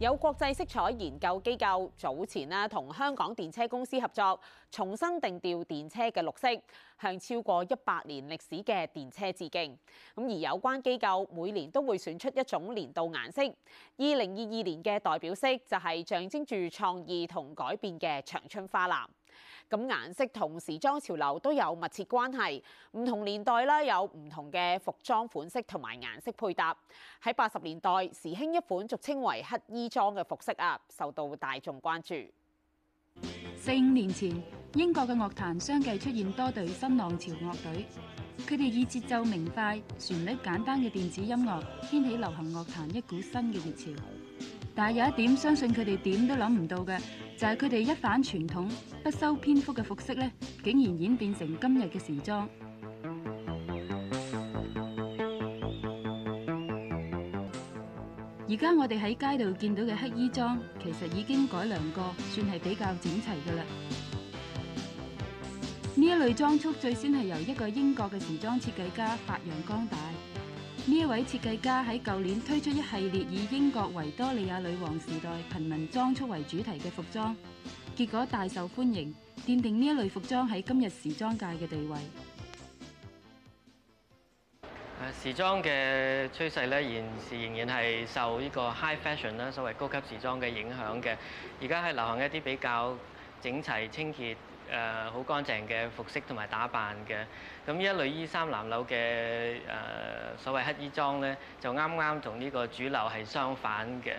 有國際色彩研究機構早前咧同香港電車公司合作，重新定調電車嘅綠色，向超過一百年歷史嘅電車致敬。咁而有關機構每年都會選出一種年度顏色，二零二二年嘅代表色就係象徵住創意同改變嘅長春花藍。咁顏色同時裝潮流都有密切關係，唔同年代咧有唔同嘅服裝款式同埋顏色配搭。喺八十年代時興一款俗稱為乞兒裝嘅服飾啊，受到大眾關注。四五年前，英國嘅樂壇相繼出現多隊新浪潮樂隊，佢哋以節奏明快、旋律簡單嘅電子音樂，掀起流行樂壇一股新嘅熱潮。但係有一點，相信佢哋點都諗唔到嘅，就係佢哋一反傳統、不修邊幅嘅服飾咧，竟然演變成今日嘅時裝。而家 我哋喺街度見到嘅乞兒裝，其實已經改良過，算係比較整齊噶啦。呢 一類裝束最先係由一個英國嘅時裝設計家發揚光大。呢一位設計家喺舊年推出一系列以英國維多利亞女王時代貧民裝束為主題嘅服裝，結果大受歡迎，奠定呢一類服裝喺今日時裝界嘅地位。時裝嘅趨勢咧，現時仍然係受呢個 high fashion 啦，所謂高級時裝嘅影響嘅。而家係流行一啲比較整齊清潔。誒好、呃、乾淨嘅服飾同埋打扮嘅，咁呢一類衣衫襤褸嘅誒所謂乞兒裝呢，就啱啱同呢個主流係相反嘅，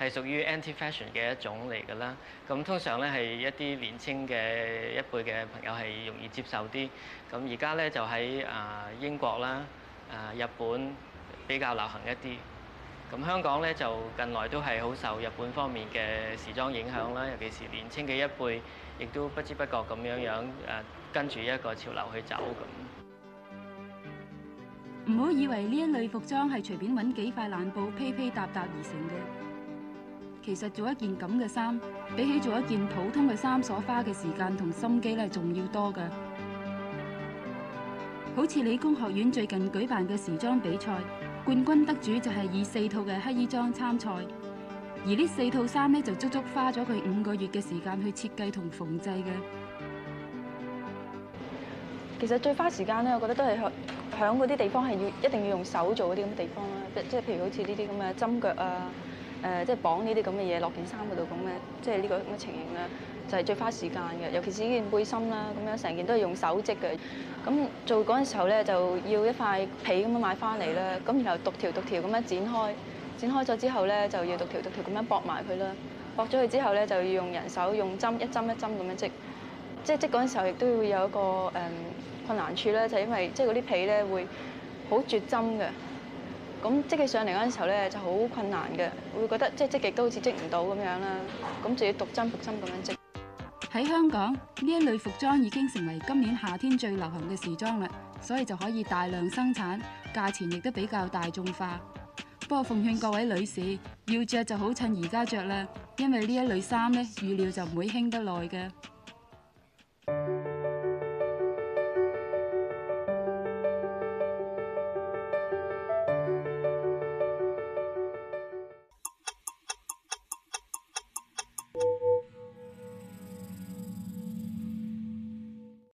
係屬於 anti-fashion 嘅一種嚟㗎啦。咁通常呢，係一啲年青嘅一輩嘅朋友係容易接受啲。咁而家呢，就喺啊、呃、英國啦，啊、呃、日本比較流行一啲。咁香港咧就近來都係好受日本方面嘅時裝影響啦，尤其是年輕嘅一輩，亦都不知不覺咁樣樣誒跟住一個潮流去走咁。唔好以為呢一類服裝係隨便揾幾塊爛布披披搭搭而成嘅，其實做一件咁嘅衫，比起做一件普通嘅衫所花嘅時間同心機咧，仲要多㗎。好似理工學院最近舉辦嘅時裝比賽，冠軍得主就係以四套嘅黑衣裝參賽，而呢四套衫咧就足足花咗佢五個月嘅時間去設計同縫製嘅。其實最花時間咧，我覺得都係響嗰啲地方係要一定要用手做嗰啲咁嘅地方啦，即係譬如好似呢啲咁嘅針腳啊。誒、呃，即係綁呢啲咁嘅嘢落件衫嗰度咁嘅，即係呢個咁嘅情形啦，就係、是、最花時間嘅。尤其是呢件背心啦，咁樣成件都係用手織嘅。咁做嗰陣時候咧，就要一塊被咁樣買翻嚟啦。咁然後獨條獨條咁樣剪開，剪開咗之後咧，就要獨條獨條咁樣駁埋佢啦。駁咗佢之後咧，就要用人手用針一針一針咁樣織。即係織嗰陣時候，亦都會有一個誒、嗯、困難處啦，就是、因為即係嗰啲被咧會好絕針嘅。咁積起上嚟嗰陣時候咧，就好困難嘅，會覺得即係積極都好似積唔到咁樣啦。咁就要獨針獨針咁樣積。喺香港，呢一類服裝已經成為今年夏天最流行嘅時裝啦，所以就可以大量生產，價錢亦都比較大眾化。不過奉勸各位女士，要着就好趁而家着啦，因為呢一類衫咧，預料就唔會興得耐嘅。